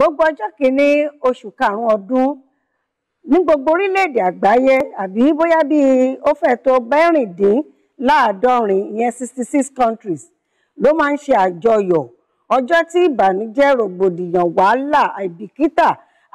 gbogbo ọjọ́ kìíní oṣù karùn-ún ọdún ní gbogbo orílẹ̀-èdè àgbáyé àbí bóyá bíi ó fẹ́ tó mẹ́rìndínláàádọ́rin ìyẹn sixty six countries ló máa ń ṣe àjọyọ̀ ọjọ́ tí ìbànújẹ́ rògbòdìyàn wàhálà àìbìkítà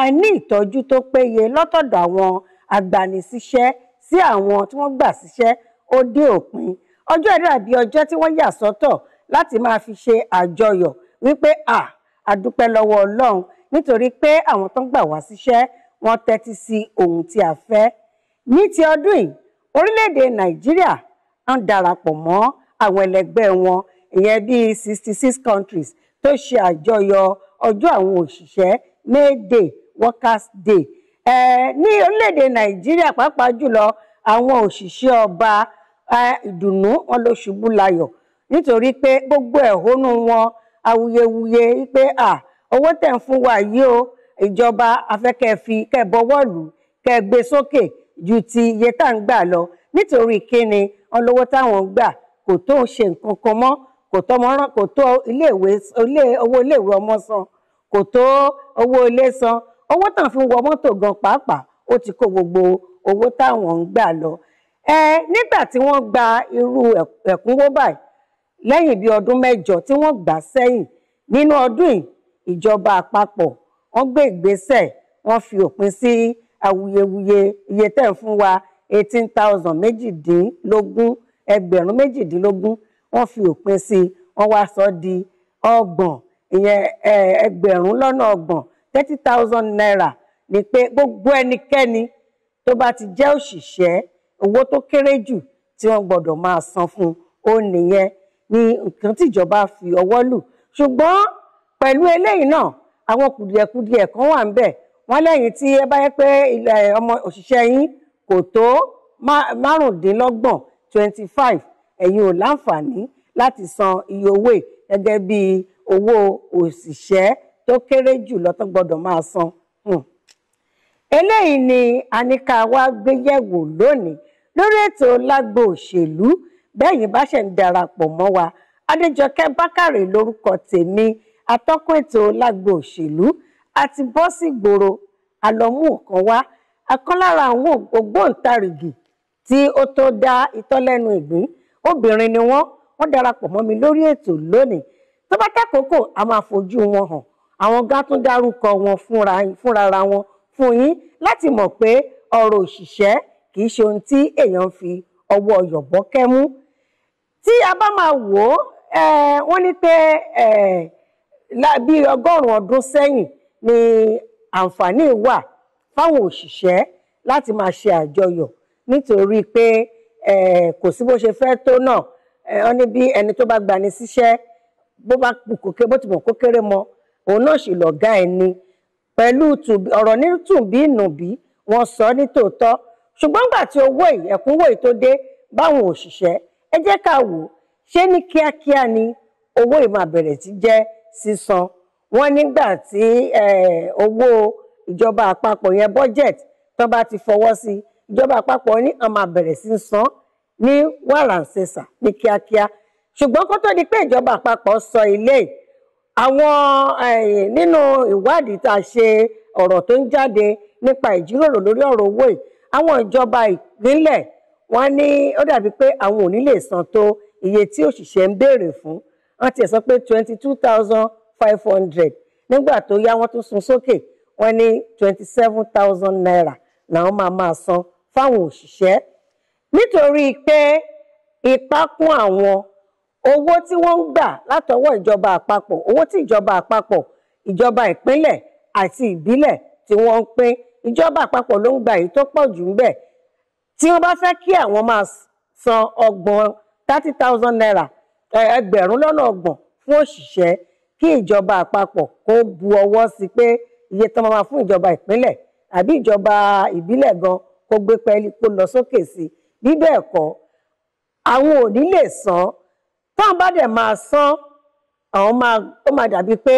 àìní ìtọ́jú tó péye lọ́tọ̀dọ̀ àwọn agbanisíṣẹ́ sí àwọn tí wọ́n gbà síṣẹ́ ó dé òpin ọjọ́ ìdàbí ọjọ́ tí wọ́n yà sọ́tọ̀ láti máa fi ṣe àjọyọ̀ wípé à adúpẹ́ lọ́wọ́ ọlọ́run nítorí pé àwọn tó ń gbà wá síṣẹ́ wọ́n tẹ́tí sí ohun tí a fẹ́ ní ti ọdún yìí orílẹ̀-èdè nàìjíríà ń darapọ̀ mọ́ àwọn ẹlẹgbẹ́ wọn ìyẹn bíi sixty six countries tó ṣe àjọyọ̀ ọjọ́ àwọn òṣìṣẹ́ May Day Workers Day ẹ ní orílẹ̀-èdè nàìjíríà pàápàá jùlọ àwọn òṣìṣẹ́ ọba ìdùnnú wọn ló ṣubú layọ̀ nítorí pé gbogbo ẹ̀hónú wọn awuyewuye pé à owó tẹ̀ ń fún wa yìí o ìjọba afẹ́kẹ́ fi kẹ́ bọ́wọ́ lù kẹ́ gbé sókè ju ti iye tá à ń gbà lọ nítorí kíni ọlọ́wọ́ táwọn ń gbà kò tó ń ṣe nǹkan kan mọ́ kò tó mọ́rán kò tó iléèwé owó iléèwé ọmọ san kò tó owó ilé san owó tàn fi ń wọ mọ́tò gan pàápàá ó ti kó gbogbo owó táwọn ń gbà lọ. ẹ nígbà tí wọ́n gba irú ẹ̀kúnwó báyìí lẹ́yìn bíi ọdún mẹ́jọ tí wọ́n gbà sẹ́yìn nínú ọdún yìí ìjọba àpapọ̀ wọ́n gbé ìgbésẹ̀ wọ́n fi òpin sí awuyewuye iye tẹ̀ ń fún wa eighteen thousand méjìdínlógún ẹgbẹ̀rún méjìdínlógún wọ́n fi òpin sí wọ́n wá sọ di ọgbọ̀n ìyẹn ẹgbẹ̀rún lọ́nà ọgbọ̀n thirty thousand naira ni pé gbogbo ẹnikẹ́ni tó bá ti jẹ́ òṣìṣẹ́ owó tó kéré jù tí wọ́n gbọ́dọ̀ máa san fún ó nìyẹn ni nǹkan tíjọba fi ọwọ́ lù ṣùgbọ́n pẹ̀lú eléyìí náà àwọn kùdìẹ̀kùdìẹ̀ kan wà ń bẹ wọ́n lẹ́yìn tí ẹ bá yẹ pé ilẹ̀ ọmọ òṣìṣẹ́ yín kò tó márùndínlọ́gbọ̀n twenty five ẹ̀yin ò láǹfààní láti san iye owó gẹ́gẹ́ bí owó òṣìṣẹ́ tó kéré jù lọ tó gbọ́dọ̀ máa san. Hmm. eléyìí ni a ní ká wá gbéyẹ̀wò lónìí lórí ètò lágbo òṣèlú bẹ́yìn bá ṣẹ̀ ń darapọ̀ mọ́ wa adéjọkẹ́ bákàrè lórúkọ tèmi atọ́kùn ètò lágbo òṣèlú àti bọ́ sí gbòòrò àlọ́mú nǹkan wá ọ̀kan lára àwọn ògbóǹtarìgì tí ó tó dá ìtọ́lẹ́nu ìgbín obìnrin ni wọ́n wọ́n darapọ̀ mọ́ mi lórí ètò lónìí tó bá tákòókò a máa fojú wọn hàn àwọn gá tún dárúkọ wọn fúnra wọn fún yín láti mọ̀ pé ọ̀rọ̀ òṣìṣẹ́ kì í ṣe ohun tí èèyàn fi ọwọ́ yọ̀bọ́kẹ́ mú tí a bá máa wò ó wọ́n ní pé bí ọgọ́rùn-ún ọdún sẹ́yìn ni àǹfààní wà fáwọn òṣìṣẹ́ láti máa ṣe àjọyọ̀ nítorí pé kò sí bó ṣe fẹ́ tó náà wọ́n ní bí ẹni tó bá gbani síṣẹ́ bó bá kókè bó ti mọ̀ kó kéré mọ́ òun náà sì lọ̀gá ẹni pẹ̀lú ọ̀rọ̀ ní tùbí ìnùbí wọ́n sọ ní tòótọ́ ṣùgbọ́n gbà tí owó ẹ̀kúnwó yìí dé báwọn òṣìṣẹ́ ẹ jẹ́ ká wò ṣé ní kíákíá ni owó ìmọ̀ àbẹ̀rẹ̀ ti jẹ́ sísan wọ́n nígbà tí owó ìjọba àpapọ̀ yẹn budget tó bá ti fọwọ́ sí ìjọba àpapọ̀ ní àwọn máa bẹ̀rẹ̀ sí san ní wàràǹsẹ̀sà ní kíákíá ṣùgbọ́n kó tó di pé ìjọba àpapọ̀ sọ ilé àwọn nínú ìwádìí tá a ṣe ọ̀rọ̀ tó ń jáde nípa ìjíròrò lórí ọ̀rọ̀ owó yìí àwọn ìjọba ìpínlẹ̀ wọ́n ní ó dàbí pé àwọn ò lè san tó iye tí òṣìṣẹ́ ń béèrè fún wọ́n ti sọ pé twenty two thousand five hundred nígbà tó yá wọ́n tún sun sókè wọ́n ní twenty seven thousand naira làwọn máa máa san fáwọn òṣìṣẹ́ nítorí pé ipá kún àwọn owó tí wọ́n ń gbà látọwọ́ ìjọba àpapọ̀ owó tí ìjọba àpapọ̀ ìjọba ìpínlẹ̀ àti ìbílẹ̀ tí wọ́n ń pín ìjọba àpapọ̀ ló ń gba èyí tó pọ̀ jù ń bẹ̀ tí wọ́n bá fẹ́ kí àwọn máa san ọgbọ̀n thirty thousand naira ẹgbẹ̀rún lọ́nà ọgbọ̀n fún òṣìṣẹ́ kí ìjọba àpapọ̀ kó bu ọwọ́ sí pé iye tán máa fún ìjọba ìpínlẹ̀ àbí ìjọba ìbílẹ̀ gan kó gbé pẹ́ẹ́lí kó lọ sókè sí bí bẹ́ẹ̀ kọ́ àwọn ò ní lè san táwọn bá dẹ̀ máa san àwọn máa ó máa dàbí pé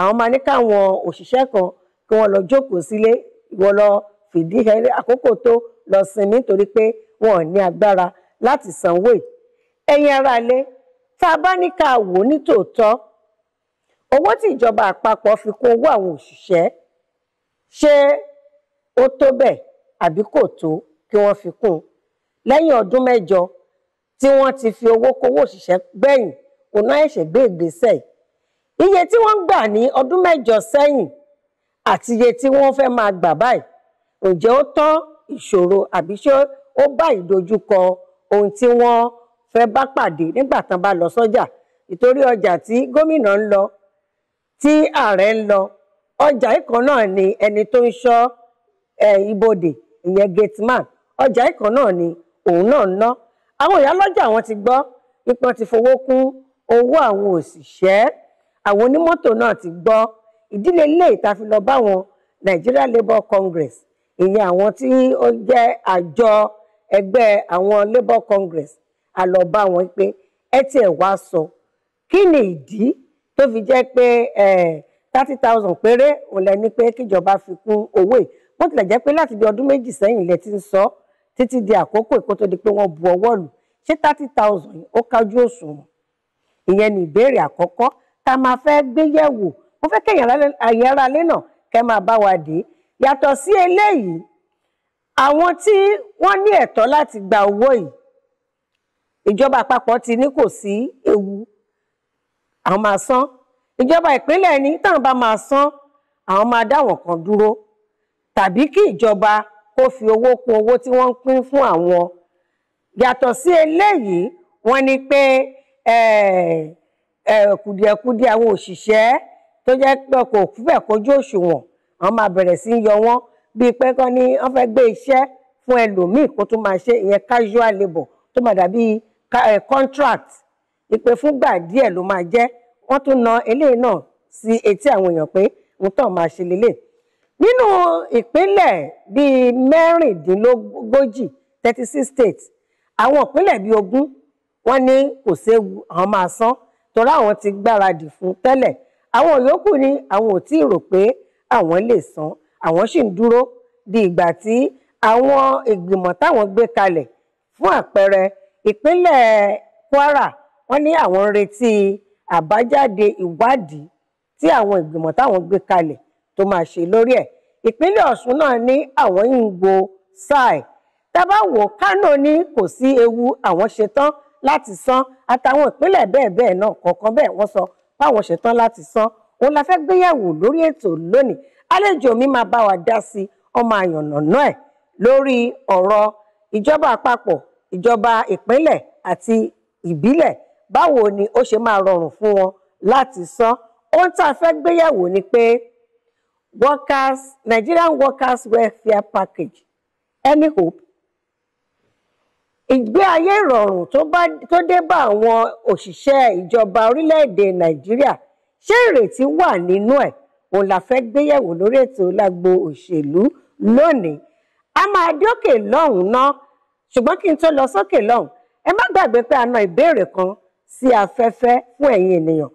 àwọn máa ní káwọn òṣìṣẹ́ kan kí wọ́n lọ jókòó sílé ìwọ lọ fìdí àkókò tó lọ sinmi torí pé wọn ò ní agbára láti sanwó ẹ̀ ẹ̀yin aráalé tá a bá ní ká wò ní tòótọ́ owó tí ìjọba àpapọ̀ fi kún owó àwọn òṣìṣẹ́ ṣé ó tó bẹ́ẹ̀ àbí kò tó kí wọ́n fi kún un ọdún mẹ́jọ tí wọ́n ti fi owó kówó òṣìṣẹ́ gbẹ̀yìn kò náà ẹ̀ṣẹ̀ gbé ìgbésẹ̀ iye tí wọ́n ń gbà ní ọdún mẹ́jọ sẹ́yìn àti iye tí wọ́n fẹ́ máa gbà báyìí ǹjẹ́ ó tán ìṣòro àbí ṣé ó bá ìdojúkọ ohun tí wọ́n fẹ́ bá pàdé nígbà tán bá lọ sọ́jà ìtorí ọjà tí gómìnà ń lọ tí ààrẹ ń lọ ọjà ìkan náà ni ẹni tó ń ṣọ́ ibodè ìyẹn gateman ọjà ìkan náà ni òun náà ń ná àwọn ìyálọ́jà àwọn ti gbọ́ ipò ti fowó kún owó àwọn òṣìṣẹ́ àwọn onímọ́tò náà ti gbọ́ ìdílé ilé ìta fi lọ bá wọn Nigeria Labour Congress ìyẹn àwọn tí ó jẹ́ àjọ ẹgbẹ́ àwọn Labour Congress a lọ bá wọn pé ẹ tiẹ̀ wá sọ kí ni ìdí tó fi jẹ́ pé thirty thousand péré òun lẹ ní pé kíjọba fi kún owó yìí bó tilẹ̀ jẹ́ pé láti di ọdún méjì sẹ́yìn lẹ ti ń sọ títí di àkókò kó tó di pé wọ́n bu ọwọ́ lù ṣé thirty thousand ó kájú òṣùwọ̀n ìyẹn ni ìbéèrè àkọ́kọ́ tá a máa fẹ́ gbé yẹ̀wò mo fẹ́ kẹ́yìn ayẹra lé náà kẹ́ máa bá wa dé yàtọ̀ sí eléyìí àwọn tí wọ́n ní ẹ̀tọ́ láti gba owó yìí ìjọba àpapọ̀ ti ní kò sí ewu àwọn máa san ìjọba ìpínlẹ̀ ní táwọn bá máa san àwọn máa dá wọn kan dúró tàbí kí ìjọba kó fi owó kún owó tí wọ́n ń pín fún àwọn yàtọ̀ sí eléyìí wọ́n ní pé kùdìẹ̀kudiẹ àwọn òṣìṣẹ́ tó jẹ́ pé kò fẹ́ kójú òṣùwọ̀n àwọn máa bẹ̀rẹ̀ sí yọ wọ́n bíi pé kán ní wọ́n fẹ́ gbé iṣẹ́ fún ẹlòmíì kó tó máa ṣe ìyẹn casual labour tó máa dàbí eh, contract ìpè fúngbà díẹ̀ ló máa jẹ́ wọ́n tún na eléyìí náà sí etí àwọn èèyàn pé òun tán máa ṣe lélẹ̀ nínú ìpínlẹ̀ bíi mẹ́rìndínlógójì thirty six states àwọn ìpínlẹ̀ bíi ogún wọ́n ní kò séwu àwọn máa san torí àwọn ti gbáradì fún tẹ́lẹ̀ àwọn yòókù ni àwọn ò tí ì rò pé àwọn lè san àwọn sì ń dúró di ìgbà tí àwọn ìgbìmọ̀ táwọn gbé kalẹ̀ fún àpẹẹrẹ ìpínlẹ̀ Kwara wọ́n ní àwọn ń retí àbájáde ìwádìí tí àwọn ìgbìmọ̀ táwọn gbé kalẹ̀ tó máa ṣe lórí ẹ̀ ìpínlẹ̀ Ọ̀ṣun náà ní àwọn ń gbo sáì tábà wò Kánò ní kò sí ewu àwọn ṣetán láti san àtàwọn ìpínlẹ̀ bẹ́ẹ̀ bẹ́ẹ̀ náà kọ̀ọ̀kan bẹ́ẹ̀ wọ́n sọ fáwọn ṣetán láti san òun la fẹ́ gbéyàwó lórí ètò lónìí àlejò mi máa bá wa dá sí ọmọ àyànnàná ẹ̀ lórí ọ̀rọ̀ ìjọba àpapọ̀ ìjọba ìpínlẹ̀ àti ìbílẹ̀ báwo ni ó ṣe máa rọrùn fún wọn láti san ohun tá a fẹ́ gbéyàwó ni pé workers Nigerian workers welfare package any hope ìgbé ayé ìrọ̀rùn tó dé bá àwọn òṣìṣẹ́ ìjọba orílẹ̀-èdè Nàìjíríà ṣé ìrètí wà nínú ẹ̀ òun la fẹ́ gbéyẹ̀wò lórí ètò lágbo òṣèlú lónìí a máa dókè lọ́hùn ná ṣùgbọ́n kí n tó lọ sókè lọ́hùn ẹ má gbàgbé pé a na ìbéèrè kan sí afẹ́fẹ́ fún ẹ̀yin ènìyàn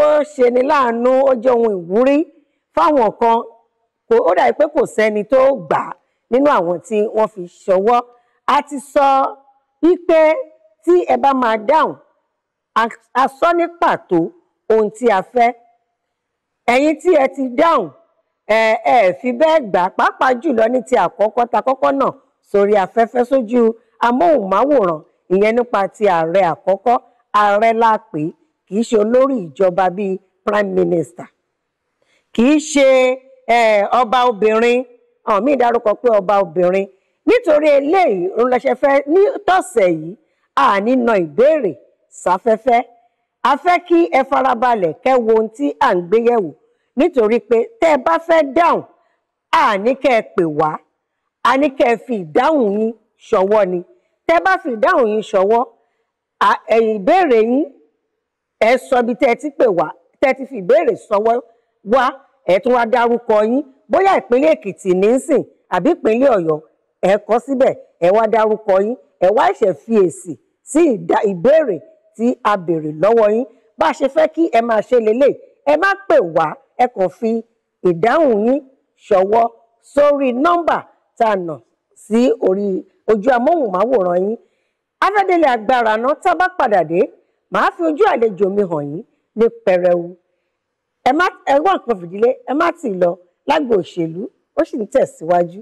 ó ṣe ni láàánú ó jẹ́ ohun ìwúrí fáwọn kan ó dàbí pé kò sẹ́ni tó gbà á nínú àwọn tí wọ́n fi ṣọwọ́ a ti sọ wípé tí ẹ bá máa dáhùn a sọ ní pàtó ohun tí a fẹ́ ẹ̀yin tí ẹ ti dáhùn ẹ ẹ fi bẹ́ẹ̀ gbà pàápàá jùlọ ní ti àkọ́kọ́ ta kọ́kọ́ náà sórí afẹ́fẹ́ sójú amóhùnmáwòrán ìyẹn nípa ti ààrẹ àkọ́kọ́ ààrẹ la pè kì í ṣe olórí ìjọba bíi prime minister kì í ṣe ọba obìnrin àwọn míì dárúkọ pé ọba obìnrin nítorí eléyìí òun lọ ṣe fẹ́ ní tọ̀sẹ̀ yìí àní na ìbéèrè sáfẹ́fẹ́ a fẹ́ kí ẹ farabalẹ̀ kẹ́ wo ohun tí à ń gbé yẹ̀wò nítorí pé tẹ́ ẹ bá fẹ́ dáhùn a ní kẹ́ ẹ pè wá a ní kẹ́ ẹ fi ìdáhùn yín ṣọwọ́ ni tẹ́ ẹ bá fi ìdáhùn yín ṣọwọ́ ẹ̀yìn ìbéèrè yín ẹ sọ ibi tẹ́ ẹ ti pè wá tẹ́ ẹ ti fi ìbéèrè ṣọwọ́ wá ẹ tún wá dárúkọ yín bóyá ìpínlẹ̀ Èkìtì ní í sìn àbí ìpínlẹ̀ Ọ̀yọ́ ẹ kọ síbẹ̀ ẹ wá dárúkọ yín ẹ wá ṣẹ̀ fi sí ìbéèrè tí a béèrè lọ́wọ́ yín bá a ṣe fẹ́ kí ẹ máa ṣe lélẹ̀ ẹ má pè wá ẹ kàn fi ìdáhùn yín ṣọwọ́ sórí nọ́mbà tá a nà sí orí ojú amóhùnmáwòrán yín afẹ́délé agbára náà tá a bá padà dé màá fi ojú àlejò mi hàn yín ní pẹrẹwu ẹ má ẹ wá nǹkan fìdílé ẹ má tì lọ lágbo òṣèlú ó sì ń tẹ̀síwájú.